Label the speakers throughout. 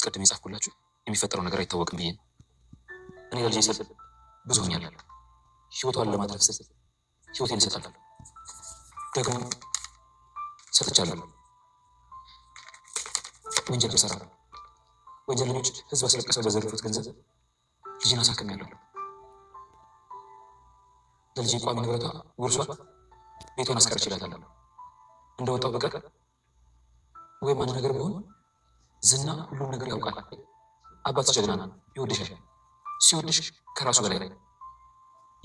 Speaker 1: አስቀድሜ የጻፍኩላችሁ የሚፈጠረው ነገር አይታወቅም ብዬ ነው። እኔ ለልጄ ስል ብዙ ሆኛለሁ። ህይወቷን ለማትረፍ ስል ህይወቴን እሰጣለሁ። ደግሞ ሰጥቻለሁ። ወንጀል ተሰራ። ወንጀለኞች ህዝብ አስለቅሰው በዘረፉት ገንዘብ ልጄን አሳክሜያለሁ። ለልጄ ቋሚ ንብረቷ ውርሷ ቤቷን አስቀር ይችላታለሁ። እንደወጣው በቀር ወይም አንድ ነገር ቢሆን ዝና ሁሉም ነገር ያውቃል። አባት ጀግና ነው፣ ይወድሻል። ሲወድሽ ከራሱ በላይ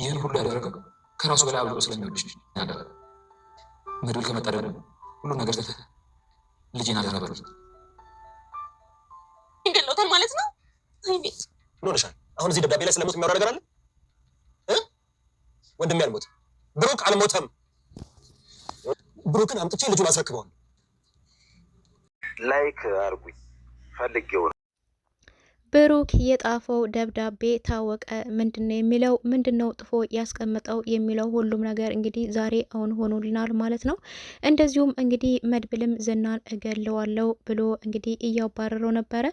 Speaker 1: ይህን ሁሉ ያደረገው ከራሱ በላይ አብልጦ ስለሚወድሽ ያደረገ። መድብል ከመጣ ደግሞ ሁሉም ነገር ተተ ልጅን አደረበ
Speaker 2: ይገለውታል ማለት ነው። ቤት
Speaker 1: ሆነሻል። አሁን እዚህ ደብዳቤ ላይ ስለሞት የሚያወራ ነገር አለ። ወንድሜ አልሞት፣ ብሩክ አልሞተም። ብሩክን አምጥቼ ልጁን አስረክበዋል።
Speaker 3: ላይክ አርጉኝ። ፈልጌው
Speaker 4: ብሩክ የጣፈው ደብዳቤ ታወቀ ነው የሚለው ምንድነው ጥፎ ያስቀምጠው የሚለው ሁሉም ነገር እንግዲህ ዛሬ አሁን ሆኖልናል ማለት ነው። እንደዚሁም እንግዲህ መድብልም ዝናን እገለዋለው ብሎ እንግዲህ እያባረረው ነበረ።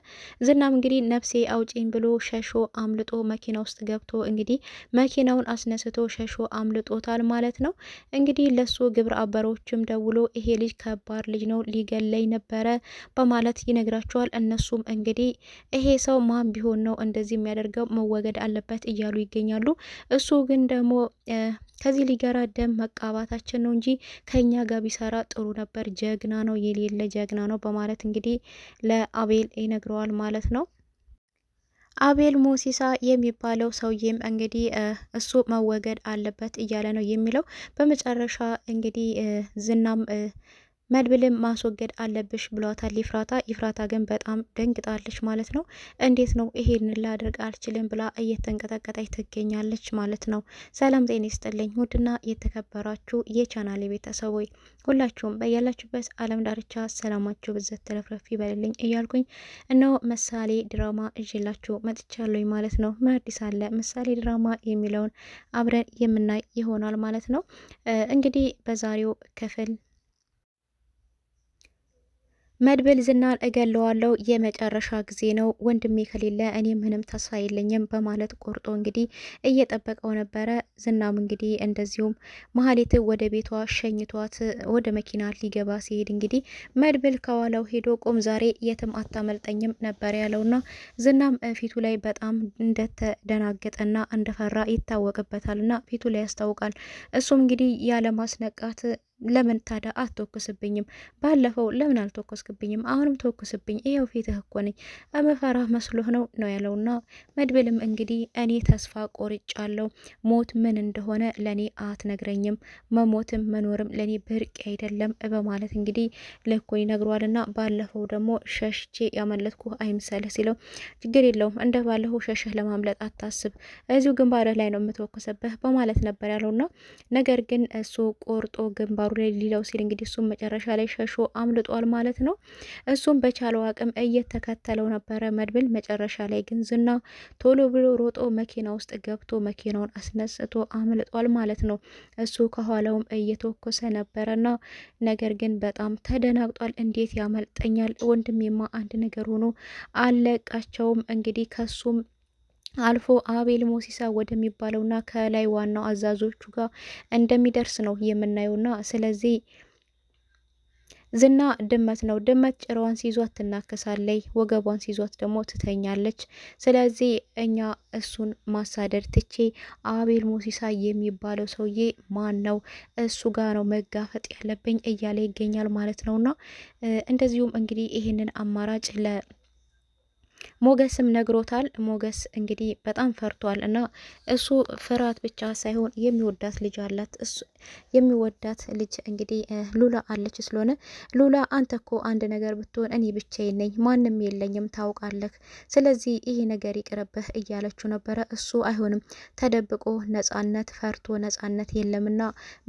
Speaker 4: ዝናም እንግዲህ ነፍሴ አውጪኝ ብሎ ሸሾ አምልጦ መኪና ውስጥ ገብቶ እንግዲህ መኪናውን አስነስቶ ሸሾ አምልጦታል ማለት ነው። እንግዲህ ለሱ ግብረ አበሮችም ደውሎ ይሄ ልጅ ከባድ ልጅ ነው ሊገለኝ ነበረ በማለት ይነግራቸዋል። እነሱም እንግዲህ ይሄ ሰው ማን ቢሆን ነው እንደዚህ የሚያደርገው? መወገድ አለበት እያሉ ይገኛሉ። እሱ ግን ደግሞ ከዚህ ሊገራ ደም መቃባታችን ነው እንጂ ከኛ ጋር ቢሰራ ጥሩ ነበር፣ ጀግና ነው፣ የሌለ ጀግና ነው በማለት እንግዲህ ለአቤል ይነግረዋል ማለት ነው። አቤል ሞሲሳ የሚባለው ሰውዬም እንግዲህ እሱ መወገድ አለበት እያለ ነው የሚለው። በመጨረሻ እንግዲህ ዝናም መድብልም ማስወገድ አለብሽ ብሏታል ይፍራታ። ይፍራታ ግን በጣም ደንግጣለች ማለት ነው። እንዴት ነው ይሄን ላደርግ አልችልም ብላ እየተንቀጠቀጠች ትገኛለች ማለት ነው። ሰላም ጤና ይስጥልኝ ውድና የተከበራችሁ የቻናሌ ቤተሰቦች ሁላችሁም በያላችሁበት ዓለም ዳርቻ ሰላማችሁ ብዘት ተረፍረፍ ይበልልኝ እያልኩኝ እነሆ ምሳሌ ድራማ እዤላችሁ መጥቻለሁኝ ማለት ነው። ምን አለ ምሳሌ ድራማ የሚለውን አብረን የምናይ ይሆናል ማለት ነው። እንግዲህ በዛሬው ክፍል መድብል ዝናን እገለዋለው የመጨረሻ ጊዜ ነው። ወንድሜ ከሌለ እኔ ምንም ተስፋ የለኝም በማለት ቆርጦ እንግዲህ እየጠበቀው ነበረ። ዝናም እንግዲህ እንደዚሁም መሀሌት ወደ ቤቷ ሸኝቷት ወደ መኪና ሊገባ ሲሄድ እንግዲህ መድብል ከኋላው ሄዶ ቆም፣ ዛሬ የትም አታመልጠኝም ነበር ያለውና ዝናም ፊቱ ላይ በጣም እንደተደናገጠና እንደፈራ ይታወቅበታልና ፊቱ ላይ ያስታውቃል። እሱም እንግዲህ ያለማስነቃት ለምን ታዳ አትተኩስብኝም? ባለፈው ለምን አልተኮስክብኝም? አሁንም ተኩስብኝ፣ ይኸው ፊትህ እኮ ነኝ። መስሎህ ነው ነው ያለውና መድብልም እንግዲህ እኔ ተስፋ ቆርጫለሁ። ሞት ምን እንደሆነ ለእኔ አትነግረኝም፣ መሞትም መኖርም ለእኔ ብርቅ አይደለም በማለት እንግዲህ ልኩን ይነግሯልና ባለፈው ደግሞ ሸሽቼ ያመለጥኩ አይምሰልህ ሲለው ችግር የለውም እንደ ባለፈው ሸሽህ ለማምለጥ አታስብ፣ እዚሁ ግንባርህ ላይ ነው የምትወኩስብህ በማለት ነበር ያለውና ነገር ግን እሱ ቆርጦ ግንባሩ አውሬ ሊለው ሲል እንግዲህ እሱም መጨረሻ ላይ ሸሾ አምልጧል ማለት ነው። እሱም በቻለው አቅም እየተከተለው ነበረ መድብል። መጨረሻ ላይ ግን ዝና ቶሎ ብሎ ሮጦ መኪና ውስጥ ገብቶ መኪናውን አስነስቶ አምልጧል ማለት ነው። እሱ ከኋላውም እየተኮሰ ነበረና ነገር ግን በጣም ተደናግጧል። እንዴት ያመልጠኛል? ወንድሜማ አንድ ነገር ሆኖ አለቃቸውም እንግዲህ ከሱም አልፎ አቤል ሞሲሳ ወደሚባለውና ከላይ ዋናው አዛዞቹ ጋር እንደሚደርስ ነው የምናየውና ስለዚህ ዝና ድመት ነው። ድመት ጭራዋን ሲይዟት ትናከሳለች፣ ወገቧን ሲዟት ደግሞ ትተኛለች። ስለዚህ እኛ እሱን ማሳደድ ትቼ አቤል ሞሲሳ የሚባለው ሰውዬ ማን ነው? እሱ ጋር ነው መጋፈጥ ያለብኝ እያለ ይገኛል ማለት ነውና እንደዚሁም እንግዲህ ይህንን አማራጭ ለ ሞገስም ነግሮታል። ሞገስ እንግዲህ በጣም ፈርቷል እና እሱ ፍርሃት ብቻ ሳይሆን የሚወዳት ልጅ አላት። የሚወዳት ልጅ እንግዲህ ሉላ አለች። ስለሆነ ሉላ አንተ እኮ አንድ ነገር ብትሆን እኔ ብቻዬን ነኝ፣ ማንም የለኝም፣ ታውቃለህ። ስለዚህ ይሄ ነገር ይቅርብህ እያለችው ነበረ። እሱ አይሆንም፣ ተደብቆ ነጻነት ፈርቶ ነጻነት የለምና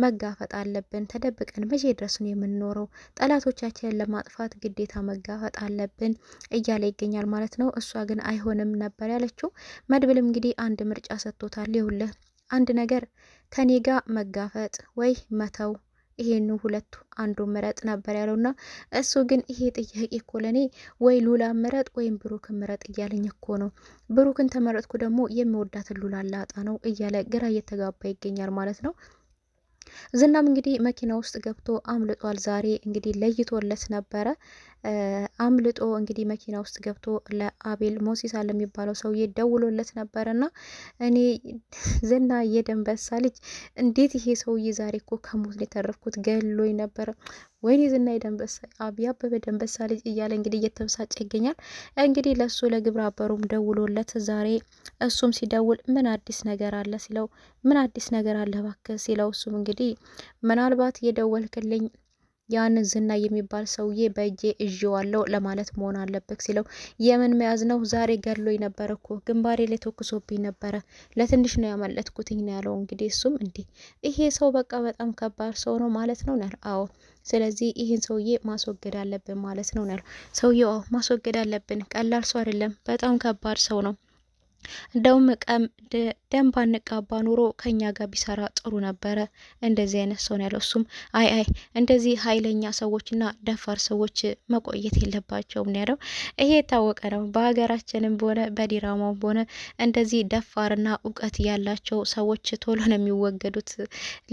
Speaker 4: መጋፈጥ አለብን። ተደብቀን መቼ ድረስ ነው የምንኖረው? ጠላቶቻችንን ለማጥፋት ግዴታ መጋፈጥ አለብን እያለ ይገኛል ማለት ነው። ነው። እሷ ግን አይሆንም ነበር ያለችው። መድብልም እንግዲህ አንድ ምርጫ ሰጥቶታል። ይኸውልህ አንድ ነገር ከኔ ጋር መጋፈጥ ወይ መተው ይሄኑ ሁለቱ አንዱ ምረጥ ነበር ያለውና እሱ ግን ይሄ ጥያቄ እኮ ለእኔ ወይ ሉላ ምረጥ ወይም ብሩክ ምረጥ እያለኝ እኮ ነው። ብሩክን ተመረጥኩ ደግሞ የሚወዳትን ሉላ ላጣ ነው እያለ ግራ እየተጋባ ይገኛል ማለት ነው። ዝናም እንግዲህ መኪና ውስጥ ገብቶ አምልጧል። ዛሬ እንግዲህ ለይቶለት ነበረ። አምልጦ እንግዲህ መኪና ውስጥ ገብቶ ለአቤል ሞሲሳ ለሚባለው ሰውዬ ደውሎለት ነበር እና እኔ ዝና የደንበሳ ልጅ እንዴት ይሄ ሰውዬ ዛሬ እኮ ከሞት ነው የተረፍኩት ገሎኝ ነበረ ወይኔ ዝና የደንበሳ አብ ያበበ ደንበሳ ልጅ እያለ እንግዲህ እየተበሳጨ ይገኛል። እንግዲህ ለእሱ ለግብረ አበሩም ደውሎለት ዛሬ እሱም ሲደውል ምን አዲስ ነገር አለ ሲለው ምን አዲስ ነገር አለ ባክ ሲለው እሱም እንግዲህ ምናልባት የደወልክልኝ ያንን ዝና የሚባል ሰውዬ በእጄ እዤዋለሁ ለማለት መሆን አለበት ሲለው የምን መያዝ ነው? ዛሬ ገድሎኝ ነበረ እኮ ግንባሬ ላይ ተኩሶብኝ ነበረ። ለትንሽ ነው ያመለጥኩትኝ ነው ያለው። እንግዲህ እሱም እንዲህ ይሄ ሰው በቃ በጣም ከባድ ሰው ነው ማለት ነው ያል። አዎ ስለዚህ ይህን ሰውዬ ማስወገድ አለብን ማለት ነው ያል። ሰውዬው አዎ ማስወገድ አለብን፣ ቀላል ሰው አይደለም፣ በጣም ከባድ ሰው ነው እንደውም ቀም ደንብ ኑሮ ከኛ ጋር ቢሰራ ጥሩ ነበረ። እንደዚህ አይነት ሰው ነው ያለው። እሱም አይ አይ እንደዚህ ኃይለኛ ሰዎችና ደፋር ሰዎች መቆየት የለባቸውም ነው ያለው። ይሄ የታወቀ ነው። በሀገራችንም በሆነ በዲራማው በሆነ እንደዚህ ደፋርና እውቀት ያላቸው ሰዎች ቶሎ ነው የሚወገዱት።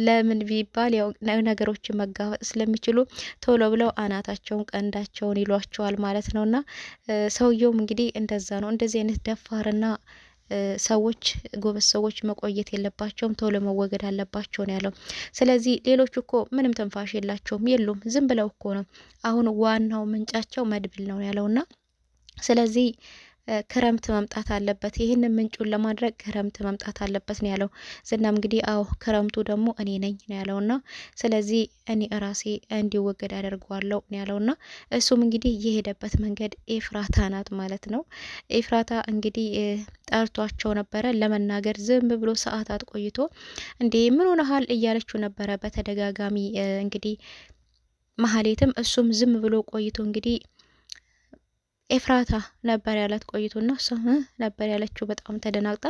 Speaker 4: ለምን ቢባል ያው ነገሮች መጋፈጥ ስለሚችሉ ቶሎ ብለው አናታቸውን ቀንዳቸውን ይሏቸዋል ማለት ነውና ሰውየውም እንግዲህ እንደዛ ነው። እንደዚህ አይነት ደፋርና ሰዎች ጎበዝ ሰዎች መቆየት የለባቸውም፣ ቶሎ መወገድ አለባቸው ነው ያለው። ስለዚህ ሌሎች እኮ ምንም ትንፋሽ የላቸውም የሉም፣ ዝም ብለው እኮ ነው። አሁን ዋናው ምንጫቸው መድብል ነው ያለውና ስለዚህ ክረምት መምጣት አለበት፣ ይህንን ምንጩን ለማድረግ ክረምት መምጣት አለበት ነው ያለው። ዝናም እንግዲህ አዎ ክረምቱ ደግሞ እኔ ነኝ ነው ያለውና ስለዚህ እኔ እራሴ እንዲወገድ አደርገዋለሁ ነው ያለውና እሱም እንግዲህ የሄደበት መንገድ ኤፍራታ ናት ማለት ነው። ኤፍራታ እንግዲህ ጠርቷቸው ነበረ ለመናገር ዝም ብሎ ሰዓታት ቆይቶ እንዴ ምን ሆነሃል እያለችው ነበረ በተደጋጋሚ እንግዲህ መሀሌትም እሱም ዝም ብሎ ቆይቶ እንግዲህ ኤፍራታ ነበር ያላት ቆይቶና እሷ ነበር ያለችው በጣም ተደናግጣ።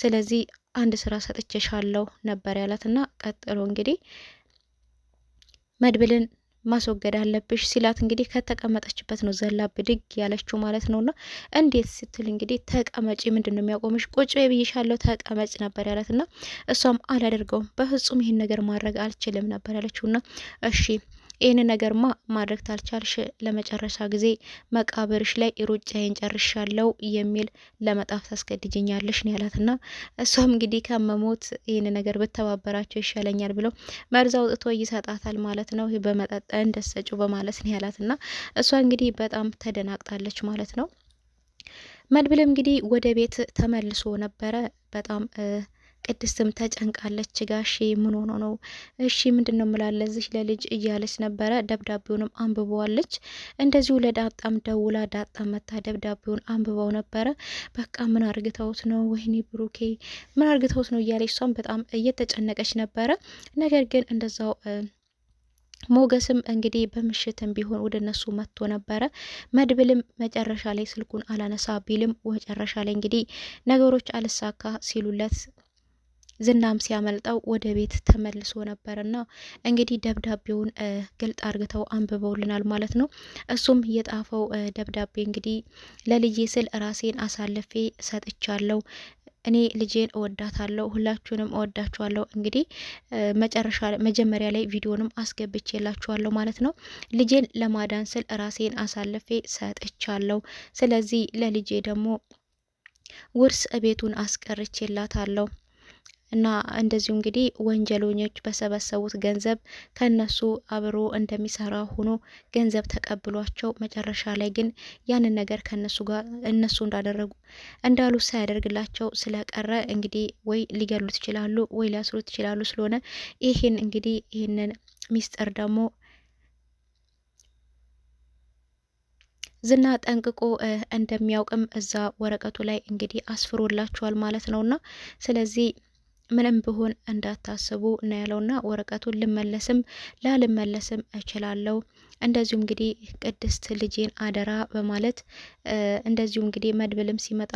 Speaker 4: ስለዚህ አንድ ስራ ሰጥቼሻለሁ ነበር ያላትና ቀጥሎ እንግዲህ መድብልን ማስወገድ አለብሽ ሲላት እንግዲህ ከተቀመጠችበት ነው ዘላ ብድግ ያለችው ማለት ነውና፣ እንዴት ስትል እንግዲህ ተቀመጪ፣ ምንድን ነው የሚያቆምሽ? ቁጭ ብይሻለሁ፣ ተቀመጭ ነበር ያላትና እሷም አላደርገውም፣ በፍጹም ይህን ነገር ማድረግ አልችልም ነበር ያለችውና እሺ ይህን ነገርማ ማድረግ ታልቻልሽ ለመጨረሻ ጊዜ መቃብርሽ ላይ ሩጫዬን ጨርሻለሁ የሚል ለመጣፍ ታስገድጅኛለሽ ነው ያላትና እሷም እንግዲህ ከመሞት ይህን ነገር ብተባበራቸው ይሻለኛል ብለው መርዝ አውጥቶ ይሰጣታል ማለት ነው። በመጠጠ እንደሰጩ በማለት ነው ያላትና እሷ እንግዲህ በጣም ተደናግጣለች ማለት ነው። መድብልም እንግዲህ ወደ ቤት ተመልሶ ነበረ በጣም ቅድስትም ተጨንቃለች። ጋሼ ምን ሆኖ ነው? እሺ ምንድን ነው ምላለ ለልጅ እያለች ነበረ። ደብዳቤውንም አንብበዋለች። እንደዚሁ ለዳጣም ደውላ ዳጣ መታ ደብዳቤውን አንብበው ነበረ። በቃ ምን አርግተውት ነው? ወይኔ ብሩኬ ምን አርግተውት ነው? እያለች እሷም በጣም እየተጨነቀች ነበረ። ነገር ግን እንደዛው ሞገስም እንግዲህ በምሽትም ቢሆን ወደ እነሱ መጥቶ ነበረ። መድብልም መጨረሻ ላይ ስልኩን አላነሳ ቢልም መጨረሻ ላይ እንግዲህ ነገሮች አልሳካ ሲሉለት ዝናም ሲያመልጠው ወደ ቤት ተመልሶ ነበርና እንግዲህ ደብዳቤውን ግልጥ አርግተው አንብበውልናል ማለት ነው። እሱም የጣፈው ደብዳቤ እንግዲህ ለልጄ ስል ራሴን አሳልፌ ሰጥቻለሁ። እኔ ልጄን እወዳታለሁ፣ ሁላችሁንም እወዳችኋለሁ። እንግዲህ መጨረሻ መጀመሪያ ላይ ቪዲዮንም አስገብቼላችኋለሁ ማለት ነው። ልጄን ለማዳን ስል ራሴን አሳልፌ ሰጥቻለሁ። ስለዚህ ለልጄ ደግሞ ውርስ ቤቱን አስቀርቼላታለሁ። እና እንደዚሁ እንግዲህ ወንጀለኞች በሰበሰቡት ገንዘብ ከነሱ አብሮ እንደሚሰራ ሆኖ ገንዘብ ተቀብሏቸው መጨረሻ ላይ ግን ያንን ነገር ከነሱ ጋር እነሱ እንዳደረጉ እንዳሉ ሳያደርግላቸው ስለቀረ እንግዲህ ወይ ሊገሉት ይችላሉ ወይ ሊያስሩት ይችላሉ። ስለሆነ ይህን እንግዲህ ይህንን ሚስጥር ደግሞ ዝና ጠንቅቆ እንደሚያውቅም እዛ ወረቀቱ ላይ እንግዲህ አስፍሮላችኋል ማለት ነውና ስለዚህ ምንም ብሆን እንዳታስቡ ነው ያለውና ወረቀቱን ልመለስም ላልመለስም እችላለሁ። እንደዚሁ እንግዲህ ቅድስት ልጄን አደራ በማለት እንደዚሁ እንግዲህ መድብልም ሲመጣ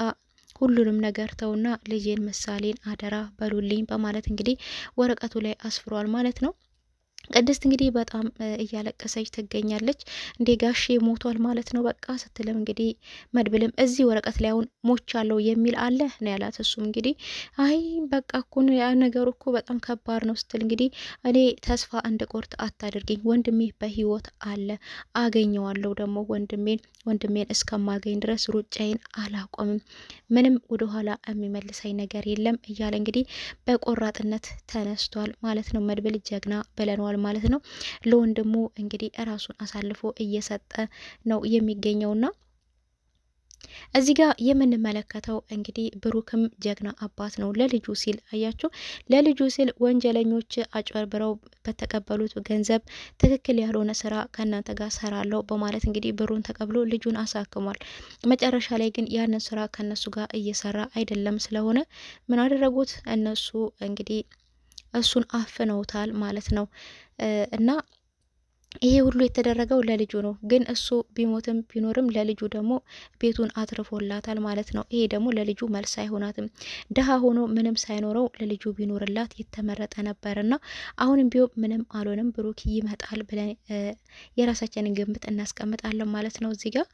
Speaker 4: ሁሉንም ነገር ተውና ልጄን ምሳሌን አደራ በሉልኝ በማለት እንግዲህ ወረቀቱ ላይ አስፍሯል ማለት ነው። ቅድስት እንግዲህ በጣም እያለቀሰች ትገኛለች። እንዴ ጋሼ ሞቷል ማለት ነው በቃ ስትልም እንግዲህ መድብልም እዚህ ወረቀት ላይ አሁን አለው የሚል አለ ነው ያላት። እሱም እንግዲህ አይ በቃ እኮን ነገሩ እኮ በጣም ከባድ ነው ስትል እንግዲህ እኔ ተስፋ እንድቆርጥ አታድርግኝ፣ ወንድሜ በህይወት አለ አገኘዋለሁ። ደግሞ ወንድሜን ወንድሜን እስከማገኝ ድረስ ሩጫዬን አላቆምም፣ ምንም ወደኋላ የሚመልሰኝ ነገር የለም እያለ እንግዲህ በቆራጥነት ተነስቷል ማለት ነው። መድብል ጀግና ብለነዋል ማለት ነው። ለወንድሙ እንግዲህ ራሱን አሳልፎ እየሰጠ ነው የሚገኘውና እዚህ ጋር የምንመለከተው እንግዲህ ብሩክም ጀግና አባት ነው። ለልጁ ሲል አያቸው ለልጁ ሲል ወንጀለኞች አጭበርብረው በተቀበሉት ገንዘብ ትክክል ያልሆነ ስራ ከእናንተ ጋር ሰራለው በማለት እንግዲህ ብሩን ተቀብሎ ልጁን አሳክሟል። መጨረሻ ላይ ግን ያንን ስራ ከእነሱ ጋር እየሰራ አይደለም። ስለሆነ ምን አደረጉት እነሱ እንግዲህ እሱን አፍነውታል ማለት ነው እና ይሄ ሁሉ የተደረገው ለልጁ ነው። ግን እሱ ቢሞትም ቢኖርም ለልጁ ደግሞ ቤቱን አትርፎላታል ማለት ነው። ይሄ ደግሞ ለልጁ መልስ አይሆናትም። ድሀ ሆኖ ምንም ሳይኖረው ለልጁ ቢኖርላት የተመረጠ እና አሁንም ቢሆን ምንም አልሆንም ብሩክ ይመጣል ብለን የራሳችንን ግምት እናስቀምጣለን ማለት ነው እዚህ ጋር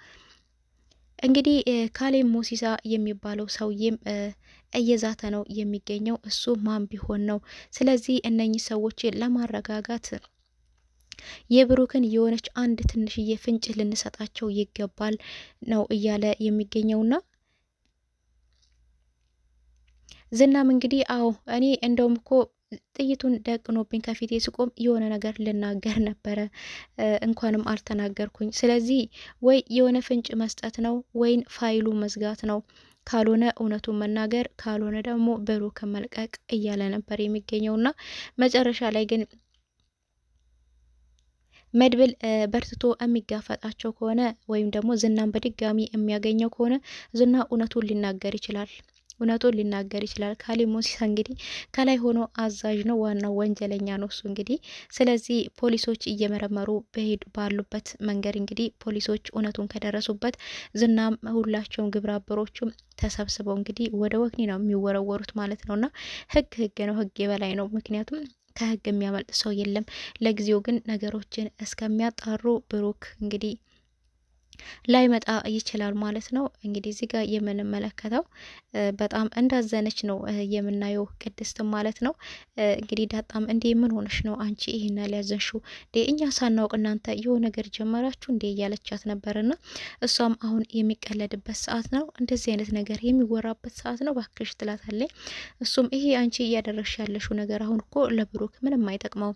Speaker 4: እንግዲህ ካሌም ሞሲሳ የሚባለው ሰውዬም እየዛተ ነው የሚገኘው። እሱ ማን ቢሆን ነው? ስለዚህ እነኚህ ሰዎች ለማረጋጋት የብሩክን የሆነች አንድ ትንሽዬ ፍንጭ ልንሰጣቸው ይገባል ነው እያለ የሚገኘውና ዝናም እንግዲህ አዎ እኔ እንደውም እኮ ጥይቱን ደቅኖብኝ ከፊቴ ስቆም የሆነ ነገር ልናገር ነበረ፣ እንኳንም አልተናገርኩኝ። ስለዚህ ወይ የሆነ ፍንጭ መስጠት ነው ወይን ፋይሉ መዝጋት ነው ካልሆነ እውነቱን መናገር ካልሆነ ደግሞ ብሩክን መልቀቅ እያለ ነበር የሚገኘውና መጨረሻ ላይ ግን መድብል በርትቶ የሚጋፈጣቸው ከሆነ ወይም ደግሞ ዝናን በድጋሚ የሚያገኘው ከሆነ ዝና እውነቱን ሊናገር ይችላል። እውነቱን ሊናገር ይችላል። ካሌብ ሙሲሳ እንግዲህ ከላይ ሆኖ አዛዥ ነው፣ ዋናው ወንጀለኛ ነው እሱ እንግዲህ። ስለዚህ ፖሊሶች እየመረመሩ በሄድ ባሉበት መንገድ እንግዲህ ፖሊሶች እውነቱን ከደረሱበት ዝናም ሁላቸውም ግብረ አበሮቹም ተሰብስበው እንግዲህ ወደ ወህኒ ነው የሚወረወሩት ማለት እና ህግ ህግ ነው፣ ህግ የበላይ ነው። ምክንያቱም ከህግ የሚያመልጥ ሰው የለም። ለጊዜው ግን ነገሮችን እስከሚያጣሩ ብሩክ እንግዲህ ላይመጣ ይችላል ማለት ነው። እንግዲህ እዚህ ጋር የምንመለከተው በጣም እንዳዘነች ነው የምናየው ቅድስት ማለት ነው። እንግዲህ ዳጣም እንዴ ምን ሆነሽ ነው አንቺ ይህን ያልያዘንሽው እንዴ እኛ ሳናውቅ እናንተ የሆነ ነገር ጀመራችሁ እንዴ እያለቻት ነበርና እሷም አሁን የሚቀለድበት ሰዓት ነው፣ እንደዚህ አይነት ነገር የሚወራበት ሰዓት ነው ባክሽ ትላታለች። እሱም ይሄ አንቺ እያደረግሽ ያለሽው ነገር አሁን እኮ ለብሩክ ምንም አይጠቅመው፣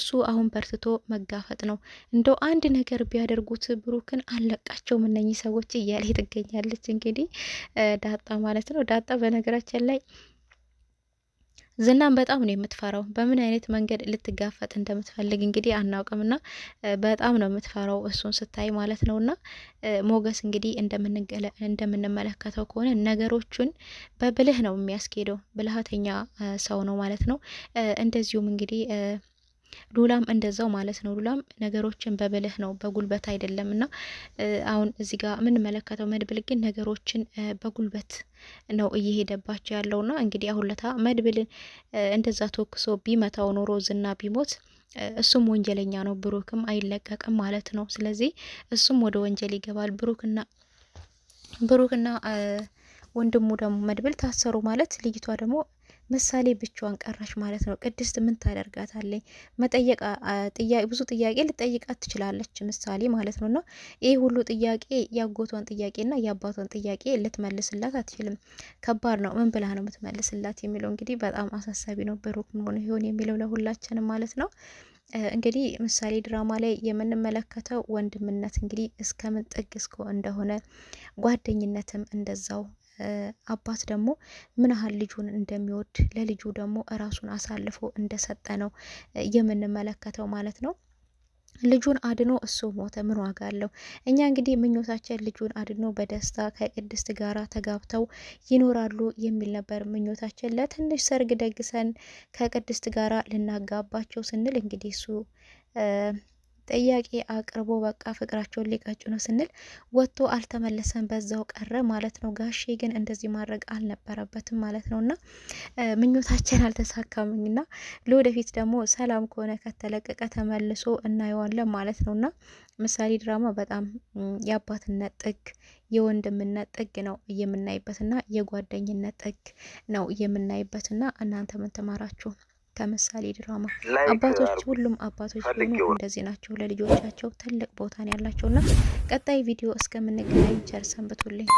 Speaker 4: እሱ አሁን በርትቶ መጋፈጥ ነው። እንደው አንድ ነገር ቢያደርጉት ብሩክን አለ አልሰጣቸውም እነኚህ ሰዎች እያለ ትገኛለች። እንግዲህ ዳጣ ማለት ነው። ዳጣ በነገራችን ላይ ዝናን በጣም ነው የምትፈራው። በምን አይነት መንገድ ልትጋፈጥ እንደምትፈልግ እንግዲህ አናውቅምና በጣም ነው የምትፈራው እሱን ስታይ ማለት ነውና ሞገስ እንግዲህ እንደምንመለከተው ከሆነ ነገሮቹን በብልህ ነው የሚያስኬደው። ብልሃተኛ ሰው ነው ማለት ነው። እንደዚሁም እንግዲህ ሉላም እንደዛው ማለት ነው። ሉላም ነገሮችን በብልህ ነው በጉልበት አይደለም። እና አሁን እዚህ ጋር የምንመለከተው መድብል ግን ነገሮችን በጉልበት ነው እየሄደባቸው ና እንግዲህ አሁን ለታ መድብልን እንደዛ ተወክሶ ቢመታው ኖሮ ዝና ቢሞት እሱም ወንጀለኛ ነው፣ ብሩክም አይለቀቅም ማለት ነው። ስለዚህ እሱም ወደ ወንጀል ይገባል። ብሩክና ብሩክና ወንድሙ ደግሞ መድብል ታሰሩ ማለት ልጅቷ ደግሞ ምሳሌ ብቻዋን ቀራሽ ማለት ነው። ቅድስት ምን ታደርጋታለኝ መጠየቅ ብዙ ጥያቄ ልጠይቃት ትችላለች ምሳሌ ማለት ነው። እና ይህ ሁሉ ጥያቄ የአጎቷን ጥያቄና የአባቷን ጥያቄ ልትመልስላት አትችልም። ከባድ ነው። ምን ብላ ነው የምትመልስላት የሚለው እንግዲህ በጣም አሳሳቢ ነው። ብሩክ ምን ሆነ ይሆን የሚለው ለሁላችንም ማለት ነው። እንግዲህ ምሳሌ ድራማ ላይ የምንመለከተው ወንድምነት እንግዲህ እስከምን ጥግ እስከ እንደሆነ ጓደኝነትም እንደዛው አባት ደግሞ ምን ያህል ልጁን እንደሚወድ ለልጁ ደግሞ እራሱን አሳልፎ እንደሰጠ ነው የምንመለከተው ማለት ነው። ልጁን አድኖ እሱ ሞተ፣ ምን ዋጋ አለው? እኛ እንግዲህ ምኞታችን ልጁን አድኖ በደስታ ከቅድስት ጋራ ተጋብተው ይኖራሉ የሚል ነበር ምኞታችን። ለትንሽ ሰርግ ደግሰን ከቅድስት ጋራ ልናጋባቸው ስንል እንግዲህ እሱ ጥያቄ አቅርቦ በቃ ፍቅራቸውን ሊቀጭ ነው ስንል ወጥቶ አልተመለሰም፣ በዛው ቀረ ማለት ነው። ጋሼ ግን እንደዚህ ማድረግ አልነበረበትም ማለት ነው። እና ምኞታችን እና ለወደፊት ደግሞ ሰላም ከሆነ ከተለቀቀ ተመልሶ እናየዋለን ማለት ነው። እና ምሳሌ ድራማ በጣም የአባትነት ጥግ የወንድምነት ጥግ ነው የምናይበትና የጓደኝነት ጥግ ነው የምናይበትና እናንተ ምን ተማራችሁ? ከምሳሌ ድራማ አባቶች uh, ሁሉም አባቶች ሆኑ እንደዚህ ናቸው፣ ለልጆቻቸው ትልቅ ቦታን ያላቸውና። ቀጣይ ቪዲዮ እስከምንገናኝ ቸር ሰንብቱልኝ።